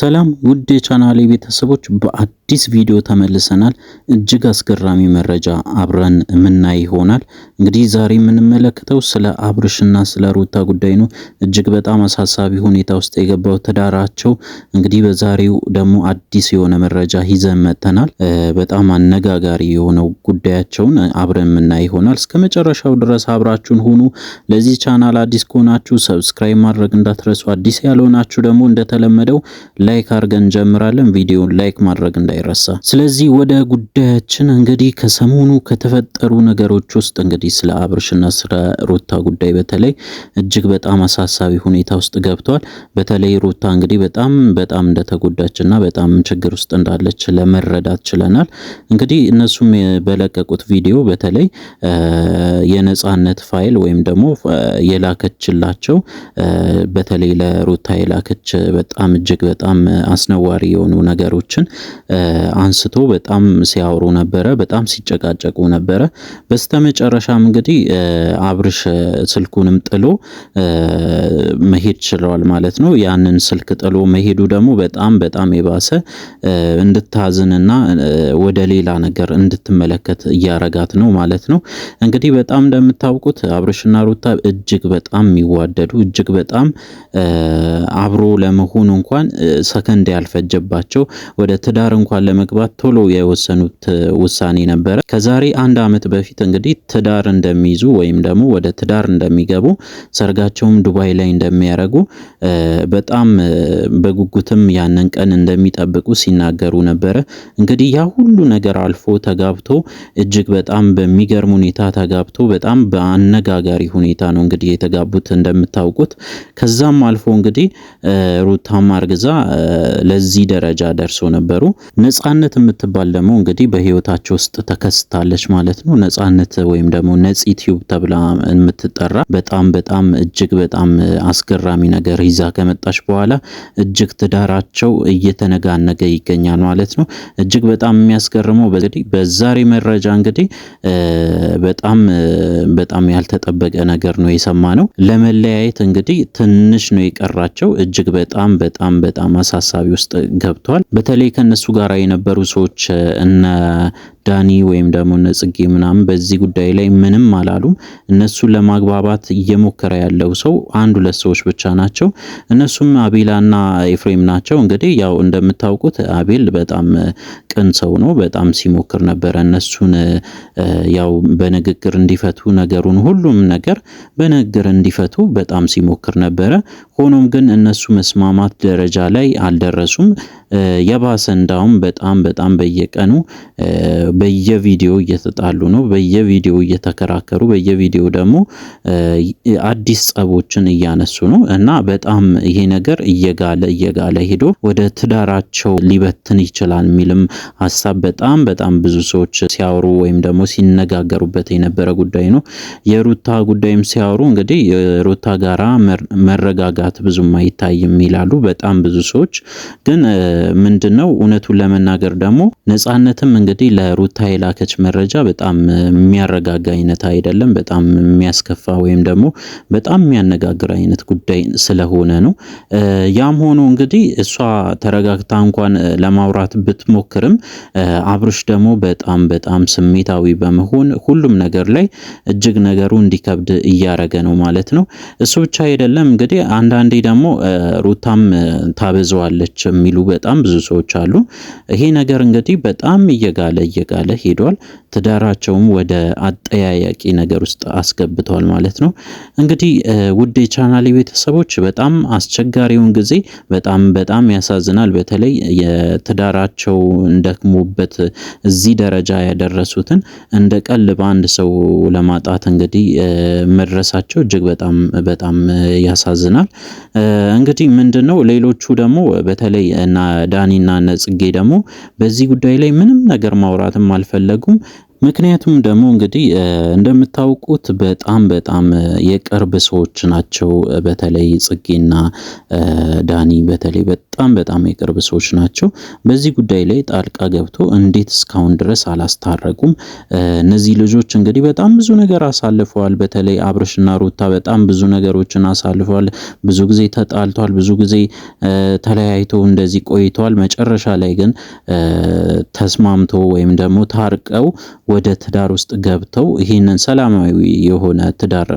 ሰላም ውድ የቻናሌ ቤተሰቦች በአ አዲስ ቪዲዮ ተመልሰናል። እጅግ አስገራሚ መረጃ አብረን የምናይ ይሆናል። እንግዲህ ዛሬ የምንመለከተው ስለ አብርሽና ስለ ሩታ ጉዳይ ነው። እጅግ በጣም አሳሳቢ ሁኔታ ውስጥ የገባው ትዳራቸው እንግዲህ በዛሬው ደግሞ አዲስ የሆነ መረጃ ይዘን መጥተናል። በጣም አነጋጋሪ የሆነው ጉዳያቸውን አብረን የምናይ ይሆናል። እስከ መጨረሻው ድረስ አብራችሁን ሁኑ። ለዚህ ቻናል አዲስ ከሆናችሁ ሰብስክራይብ ማድረግ እንዳትረሱ። አዲስ ያልሆናችሁ ደግሞ እንደተለመደው ላይክ አድርገን እንጀምራለን። ቪዲዮን ላይክ ማድረግ እንዳይ አይረሳ። ስለዚህ ወደ ጉዳያችን እንግዲህ ከሰሞኑ ከተፈጠሩ ነገሮች ውስጥ እንግዲህ ስለ አብርሽና ስለ ሩታ ጉዳይ በተለይ እጅግ በጣም አሳሳቢ ሁኔታ ውስጥ ገብቷል። በተለይ ሩታ እንግዲህ በጣም በጣም እንደተጎዳች በጣም ችግር ውስጥ እንዳለች ለመረዳት ችለናል። እንግዲህ እነሱም በለቀቁት ቪዲዮ በተለይ የነጻነት ፋይል ወይም ደግሞ የላከችላቸው በተለይ ለሩታ የላከች በጣም እጅግ በጣም አስነዋሪ የሆኑ ነገሮችን አንስቶ በጣም ሲያወሩ ነበረ፣ በጣም ሲጨቃጨቁ ነበረ። በስተመጨረሻም እንግዲህ አብርሽ ስልኩንም ጥሎ መሄድ ችለዋል ማለት ነው። ያንን ስልክ ጥሎ መሄዱ ደግሞ በጣም በጣም የባሰ እንድታዝንና ወደ ሌላ ነገር እንድትመለከት እያረጋት ነው ማለት ነው። እንግዲህ በጣም እንደምታውቁት አብርሽና ሩታ እጅግ በጣም የሚዋደዱ እጅግ በጣም አብሮ ለመሆኑ እንኳን ሰከንድ ያልፈጀባቸው ወደ ትዳር እንኳን እንኳን ለመግባት ቶሎ የወሰኑት ውሳኔ ነበረ። ከዛሬ አንድ ዓመት በፊት እንግዲህ ትዳር እንደሚይዙ ወይም ደግሞ ወደ ትዳር እንደሚገቡ ሰርጋቸውም ዱባይ ላይ እንደሚያደርጉ በጣም በጉጉትም ያንን ቀን እንደሚጠብቁ ሲናገሩ ነበረ። እንግዲህ ያ ሁሉ ነገር አልፎ ተጋብቶ እጅግ በጣም በሚገርም ሁኔታ ተጋብቶ በጣም በአነጋጋሪ ሁኔታ ነው እንግዲህ የተጋቡት እንደምታውቁት። ከዛም አልፎ እንግዲህ ሩታም አርግዛ ለዚህ ደረጃ ደርሶ ነበሩ። ነጻነት የምትባል ደግሞ እንግዲህ በህይወታቸው ውስጥ ተከስታለች ማለት ነው። ነጻነት ወይም ደግሞ ነጽ ቲዩብ ተብላ የምትጠራ በጣም በጣም እጅግ በጣም አስገራሚ ነገር ይዛ ከመጣች በኋላ እጅግ ትዳራቸው እየተነጋነገ ይገኛል ማለት ነው። እጅግ በጣም የሚያስገርመው እንግዲህ በዛሬ መረጃ እንግዲህ በጣም በጣም ያልተጠበቀ ነገር ነው የሰማ ነው። ለመለያየት እንግዲህ ትንሽ ነው የቀራቸው። እጅግ በጣም በጣም በጣም አሳሳቢ ውስጥ ገብቷል። በተለይ ከነሱ ጋር አካባቢ የነበሩ ሰዎች እነ ዳኒ ወይም ደግሞ እነ ጽጌ ምናምን በዚህ ጉዳይ ላይ ምንም አላሉም። እነሱን ለማግባባት እየሞከረ ያለው ሰው አንድ ሁለት ሰዎች ብቻ ናቸው። እነሱም አቤላና ኤፍሬም ናቸው። እንግዲህ ያው እንደምታውቁት አቤል በጣም ቅን ሰው ነው። በጣም ሲሞክር ነበረ እነሱን ያው በንግግር እንዲፈቱ ነገሩን፣ ሁሉም ነገር በንግግር እንዲፈቱ በጣም ሲሞክር ነበረ። ሆኖም ግን እነሱ መስማማት ደረጃ ላይ አልደረሱም። የባሰ እንዳውም በጣም በጣም በየቀኑ በየቪዲዮ እየተጣሉ ነው፣ በየቪዲዮ እየተከራከሩ፣ በየቪዲዮ ደግሞ አዲስ ጸቦችን እያነሱ ነው እና በጣም ይሄ ነገር እየጋለ እየጋለ ሄዶ ወደ ትዳራቸው ሊበትን ይችላል የሚልም ሀሳብ በጣም በጣም ብዙ ሰዎች ሲያወሩ ወይም ደግሞ ሲነጋገሩበት የነበረ ጉዳይ ነው። የሩታ ጉዳይም ሲያወሩ እንግዲህ ሩታ ጋራ መረጋጋት ብዙም አይታይም ይላሉ በጣም ብዙ ሰዎች ግን ምንድን ነው እውነቱን ለመናገር ደግሞ ነጻነትም እንግዲህ ለሩታ የላከች መረጃ በጣም የሚያረጋጋ አይነት አይደለም። በጣም የሚያስከፋ ወይም ደግሞ በጣም የሚያነጋግር አይነት ጉዳይ ስለሆነ ነው። ያም ሆኖ እንግዲህ እሷ ተረጋግታ እንኳን ለማውራት ብትሞክርም አብርሽ ደግሞ በጣም በጣም ስሜታዊ በመሆን ሁሉም ነገር ላይ እጅግ ነገሩ እንዲከብድ እያረገ ነው ማለት ነው። እሱ ብቻ አይደለም እንግዲህ አንዳንዴ ደግሞ ሩታም ታበዘዋለች የሚሉ በጣም በጣም ብዙ ሰዎች አሉ። ይሄ ነገር እንግዲህ በጣም እየጋለ እየጋለ ሄዷል። ትዳራቸውም ወደ አጠያያቂ ነገር ውስጥ አስገብተዋል ማለት ነው። እንግዲህ ውድ የቻናሌ ቤተሰቦች በጣም አስቸጋሪውን ጊዜ በጣም በጣም ያሳዝናል። በተለይ የትዳራቸው እንደክሞበት እዚህ ደረጃ ያደረሱትን እንደ ቀል በአንድ ሰው ለማጣት እንግዲህ መድረሳቸው እጅግ በጣም በጣም ያሳዝናል። እንግዲህ ምንድን ነው ሌሎቹ ደግሞ በተለይ እና ዳኒና ነጽጌ ደግሞ በዚህ ጉዳይ ላይ ምንም ነገር ማውራትም አልፈለጉም። ምክንያቱም ደግሞ እንግዲህ እንደምታውቁት በጣም በጣም የቅርብ ሰዎች ናቸው። በተለይ ጽጌና ዳኒ በተለይ በጣም በጣም የቅርብ ሰዎች ናቸው። በዚህ ጉዳይ ላይ ጣልቃ ገብቶ እንዴት እስካሁን ድረስ አላስታረቁም? እነዚህ ልጆች እንግዲህ በጣም ብዙ ነገር አሳልፈዋል። በተለይ አብርሽና ሩታ በጣም ብዙ ነገሮችን አሳልፈዋል። ብዙ ጊዜ ተጣልቷል ብዙ ጊዜ ተለያይቶ እንደዚህ ቆይተዋል። መጨረሻ ላይ ግን ተስማምቶ ወይም ደግሞ ታርቀው ወደ ትዳር ውስጥ ገብተው ይህንን ሰላማዊ የሆነ ትዳር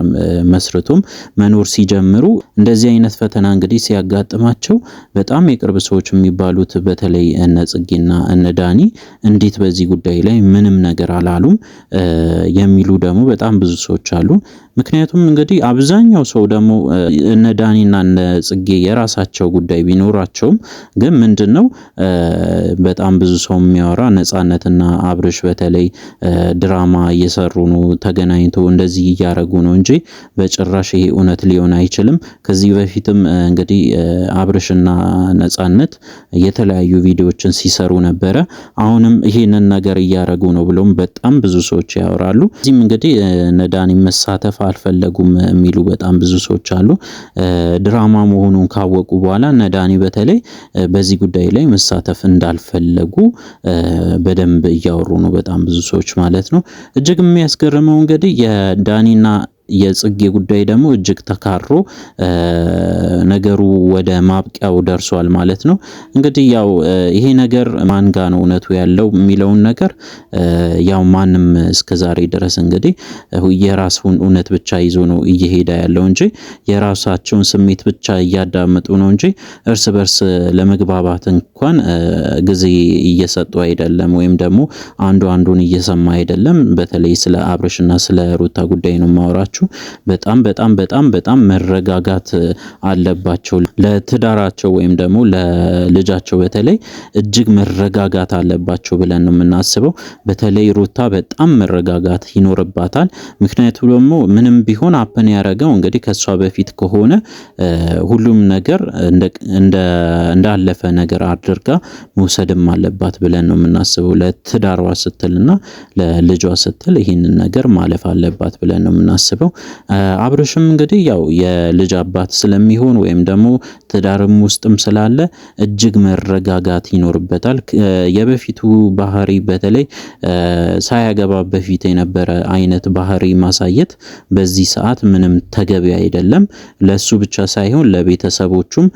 መስርቶም መኖር ሲጀምሩ እንደዚህ አይነት ፈተና እንግዲህ ሲያጋጥማቸው በጣም የቅርብ ሰዎች የሚባሉት በተለይ እነ ጽጌና እነ ዳኒ እንዴት በዚህ ጉዳይ ላይ ምንም ነገር አላሉም የሚሉ ደግሞ በጣም ብዙ ሰዎች አሉ። ምክንያቱም እንግዲህ አብዛኛው ሰው ደግሞ እነ ዳኒና እነ ጽጌ የራሳቸው ጉዳይ ቢኖራቸውም ግን ምንድን ነው በጣም ብዙ ሰው የሚያወራ ነፃነትና አብርሽ በተለይ ድራማ እየሰሩ ነው፣ ተገናኝቶ እንደዚህ እያረጉ ነው እንጂ በጭራሽ ይሄ እውነት ሊሆን አይችልም። ከዚህ በፊትም እንግዲህ አብርሽና ነፃነት የተለያዩ ቪዲዮዎችን ሲሰሩ ነበረ። አሁንም ይህንን ነገር እያረጉ ነው ብሎም በጣም ብዙ ሰዎች ያወራሉ። እዚህም እንግዲህ እነ ዳኒ መሳተፍ አልፈለጉም የሚሉ በጣም ብዙ ሰዎች አሉ። ድራማ መሆኑን ካወቁ በኋላ እነ ዳኒ በተለይ በዚህ ጉዳይ ላይ መሳተፍ እንዳልፈለጉ በደንብ እያወሩ ነው፣ በጣም ብዙ ሰዎች ማለት ነው። እጅግ የሚያስገርመው እንግዲህ የዳኒና የጽጌ ጉዳይ ደግሞ እጅግ ተካሮ ነገሩ ወደ ማብቂያው ደርሷል ማለት ነው። እንግዲህ ያው ይሄ ነገር ማን ጋ ነው እውነቱ ያለው የሚለውን ነገር ያው ማንም እስከዛሬ ድረስ እንግዲህ የራሱን እውነት ብቻ ይዞ ነው እየሄደ ያለው እንጂ የራሳቸውን ስሜት ብቻ እያዳመጡ ነው እንጂ እርስ በርስ ለመግባባት እንኳን ጊዜ እየሰጡ አይደለም፣ ወይም ደግሞ አንዱ አንዱን እየሰማ አይደለም። በተለይ ስለ አብርሽና ስለ ሩታ ጉዳይ ነው ማውራቸው ካላችሁ በጣም በጣም በጣም በጣም መረጋጋት አለባቸው። ለትዳራቸው ወይም ደግሞ ለልጃቸው በተለይ እጅግ መረጋጋት አለባቸው ብለን ነው የምናስበው። በተለይ ሩታ በጣም መረጋጋት ይኖርባታል። ምክንያቱ ደግሞ ምንም ቢሆን አፕን ያደረገው እንግዲህ ከእሷ በፊት ከሆነ ሁሉም ነገር እንዳለፈ ነገር አድርጋ መውሰድም አለባት ብለን ነው የምናስበው። ለትዳሯ ስትልና ለልጇ ስትል ይህንን ነገር ማለፍ አለባት ብለን ነው የምናስበው። ነው። አብርሽም እንግዲህ ያው የልጅ አባት ስለሚሆን ወይም ደግሞ ትዳርም ውስጥም ስላለ እጅግ መረጋጋት ይኖርበታል። የበፊቱ ባህሪ በተለይ ሳያገባ በፊት የነበረ አይነት ባህሪ ማሳየት በዚህ ሰዓት ምንም ተገቢ አይደለም። ለሱ ብቻ ሳይሆን ለቤተሰቦቹም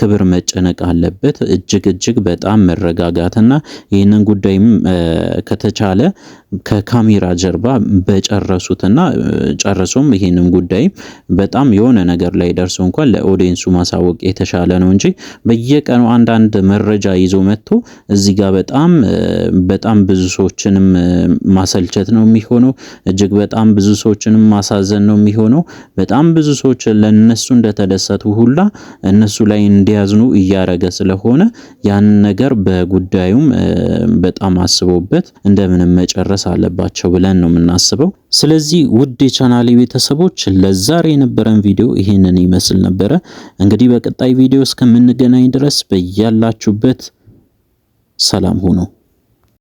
ክብር መጨነቅ አለበት። እጅግ እጅግ በጣም መረጋጋትና ይህንን ጉዳይም ከተቻለ ከካሜራ ጀርባ በጨረሱትና ጨርሶም ይህንም ጉዳይ በጣም የሆነ ነገር ላይ ደርሶ እንኳን ለኦዲየንሱ ማሳወቅ የተሻለ ነው እንጂ በየቀኑ አንዳንድ መረጃ ይዞ መጥቶ እዚህ ጋር በጣም በጣም ብዙ ሰዎችንም ማሰልቸት ነው የሚሆነው። እጅግ በጣም ብዙ ሰዎችንም ማሳዘን ነው የሚሆነው። በጣም ብዙ ሰዎች ለነሱ እንደተደሰቱ ሁላ እነሱ ላይ እንዲያዝኑ እያረገ ስለሆነ ያን ነገር በጉዳዩም በጣም አስበውበት እንደምንም መጨረስ አለባቸው ብለን ነው የምናስበው። ስለዚህ ውድ የቻናሌ ቤተሰቦች ለዛሬ የነበረን ቪዲዮ ይህንን ይመስል ነበረ። እንግዲህ በቀጣይ ቪዲዮ እስከምንገናኝ ድረስ በያላችሁበት ሰላም ሁኑ።